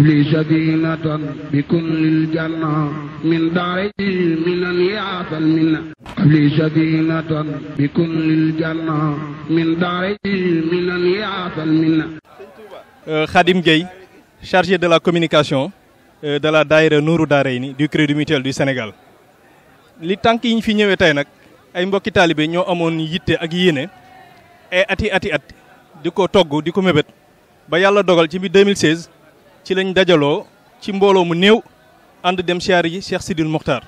لي سكينة euh, chargé de la communication euh, de la daayira Nourou Daarayni du Crédit Mutuel du Sénégal li tànk yi fi ñëwee tey nag ay mbokki taalibe ñoo amoon yitte ak yéene ay ati ati at di ko togg di ko mébét ba yàlla dogal ci bi ci lañ dajaloo ci mbooloo mu néew ànd dem siyaar yi Cheikh Sidil Mokhtar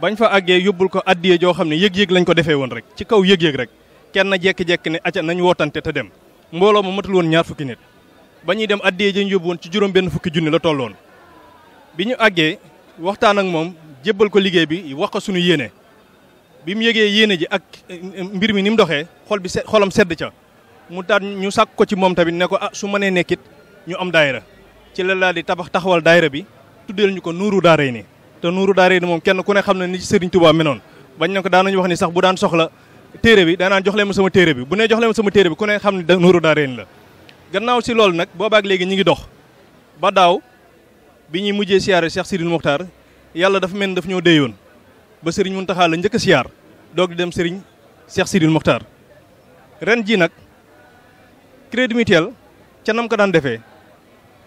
bañ fa àggee yóbbul ko addiye joo xam ne yëg-yëg lañ ko defee woon rek ci kaw yëg-yëg rek kenn jekki-jekki ne aca nañ wootante te dem mbooloo mu matul woon ñaar fukki nit ba ñuy dem addiye ji ñu yóbbu woon ci juróom benn fukki junni la tolloon bi ñu àggee waxtaan ak moom jébbal ko liggéey bi wax ko suñu yéene bi mu yëgee yéene ji ak eh, mbir mi ni mu doxee xol bi xolam sedd mu taat ñu sàkk ko ci moom tamit ne ko ah su mënee nekkit ñu am daayira ci la laa di tabax taxawal daayira bi tuddeel ñu ko nuuru daara yi te nuuru daara yi moom kenn ku ne xam ne ni ci Serigne Touba menoon bañ na ko daanañu wax ni sax bu daan soxla téere bi daanaan jox leen ma sama téere bi bu nee jox leen ma sama téere bi ku ne xam ne nuuru daara yi la gannaaw si loolu nag boobaak léegi ñi ngi dox ba daaw bi ñuy mujjee siyaare Cheikh Sidine Mokhtar yàlla dafa mel ni daf ñoo déeyoon ba Serigne Mountakha la njëkk a doog dem Serigne Cheikh Sidine Mokhtar ren jii nag crédit mutuel ca nam ko daan defee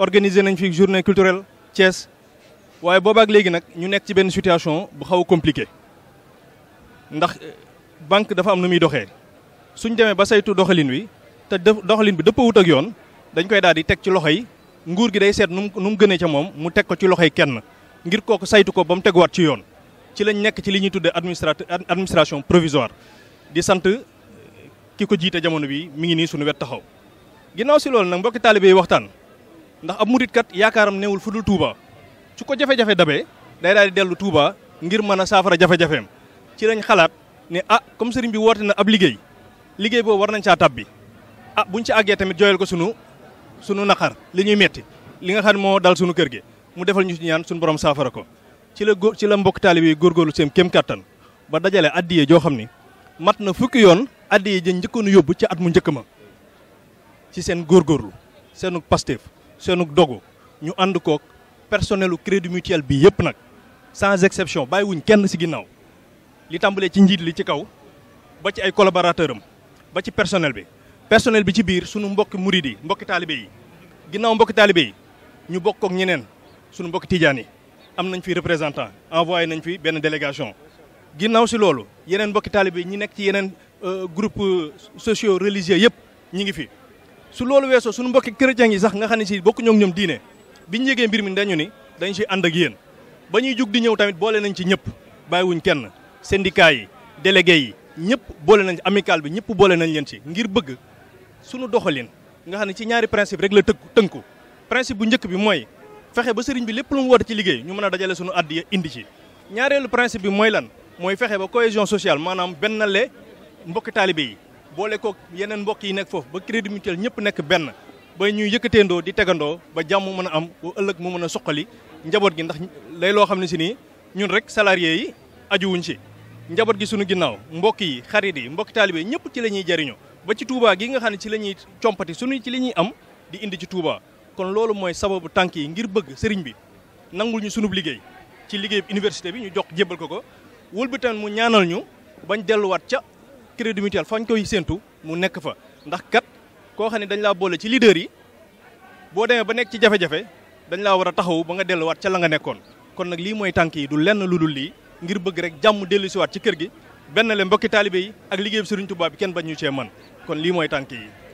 organiser nañ fi journée culturelle cees waaye boobaak léegi nag ñu nekk ci benn situation bu xaw a compliqué ndax euh, banque dafa am nu muy doxee suñ demee ba saytu doxalin wi te doxalin bi dëppawut ak yoon dañ koy daal di teg ci loxo yi nguur gi day seet nu mu nu mu gënee ca moom mu teg ko ci loxo yi kenn ngir kooku saytu ko ba mu teguwaat ci yoon ci lañ nekk ci li ñuy tuddee administrateur administration provisoire di sant euh, ki ko jiite jamono bi mu ngi nii suñu wet taxaw ginnaaw si loolu nag mbokki taalibe yi waxtaan. ndax ab murit kat yaakaaram newul fu dul Touba su ko jafe-jafe dabee day daal di dellu Touba ngir mën a saafara jafe-jafeem ci lañ xalaat ne ah comme sëriñ bi woote na ab liggéey liggéey boobu war nañ caa tabbi ah buñ ci àggee tamit jooyal ko sunu sunu naqar li ñuy metti li nga xam ne moo dal sunu kër gi mu defal ñu ci ñaan sunu borom saafara ko ci la góor ci la mbokk taalibe yi góorgóorlu seen kéem kattan ba dajale addiye joo xam ni mat na fukki yoon addiye jën njëkkoon yóbbu ci at mu njëkk ma ci seen góorgóorlu seenu Pastef seenu dogu ñu ànd koog personnelu crédit mutuel bi yëpp nag sans exception bàyyiwuñ kenn si ginnaaw li tàmbalee ci njiit li ci kaw ba ci ay collaborateur am ba ci personnel bi personnel bi ci biir sunu mbokki murid yi mbokki taalibe yi ginnaaw mbokki taalibe yi ñu bokk ak ñeneen sunu mbokki tijaan yi am nañ fi représentant envoyé nañ fi benn délégation ginnaaw si loolu yeneen mbokki taalibe yi ñi nekk ci yeneen euh, groupe euh, socio religieux yëpp ñi ngi fi su loolu weesoo suñu mbokki chrétien yi sax nga xam ne si bokku ñoom ñoom diine biñu yégee mbir mi dañu ni dañ si ànd ak yéen ba ñuy jug di ñëw tamit boole nañ ci ñëpp bàyyiwuñ kenn syndicat yi délégué yi ñëpp boole nañ amical bi ñëpp boole nañ leen ci ngir bëgg sunu doxalin nga xam ne ci ñaari principe rek la tënku tënku principe bu njëkk bi mooy fexe ba sëriñ bi lépp lu mu woote ci liggéey ñu mën a dajale suñu addiya indi ci ñaareelu principe bi mooy lan mooy fexe ba cohésion sociale maanaam benn le mbokki taalibe yi boole kook yeneen mbokk yi nekk foofu ba crédit mutuel ñëpp nekk benn ba ñuy yëkkateendoo di tegandoo ba jàmm mën a am bu ëllëg mu mën a suqali njaboot gi ndax lay loo xam ni si nii ñun rek salarié yi ajuwuñ si njaboot gi suñu ginnaaw mbokk yi xarit yi mbokk taalibe yi ñëpp ci la ñuy jariñoo ba ci Touba gi nga xam ne ci la ñuy compati suñu ci li ñuy am di indi ci Touba kon loolu mooy sababu tànk yi ngir bëgg sëriñ bi nangul ñu sunub liggéey ci liggéey université bi ñu jox jébbal ko ko wul bi tamit mu ñaanal ñu delluwaat ca crédit mutuel fañ koy séentu mu nekk fa ndax kat koo xam ne dañ laa boole ci leader yi boo demee ba nekk ci jafe-jafe dañ laa war a taxaw ba nga delluwaat ca la nga nekkoon kon nag lii mooy tànk yi du lenn lu dul lii ngir bëgg rek jàmm dellusiwaat ci kër gi benn le mbokki taalibe yi ak liggéey bi Sëriñ Tuubaa bi kenn bañ ñu cee man kon lii mooy tànk yi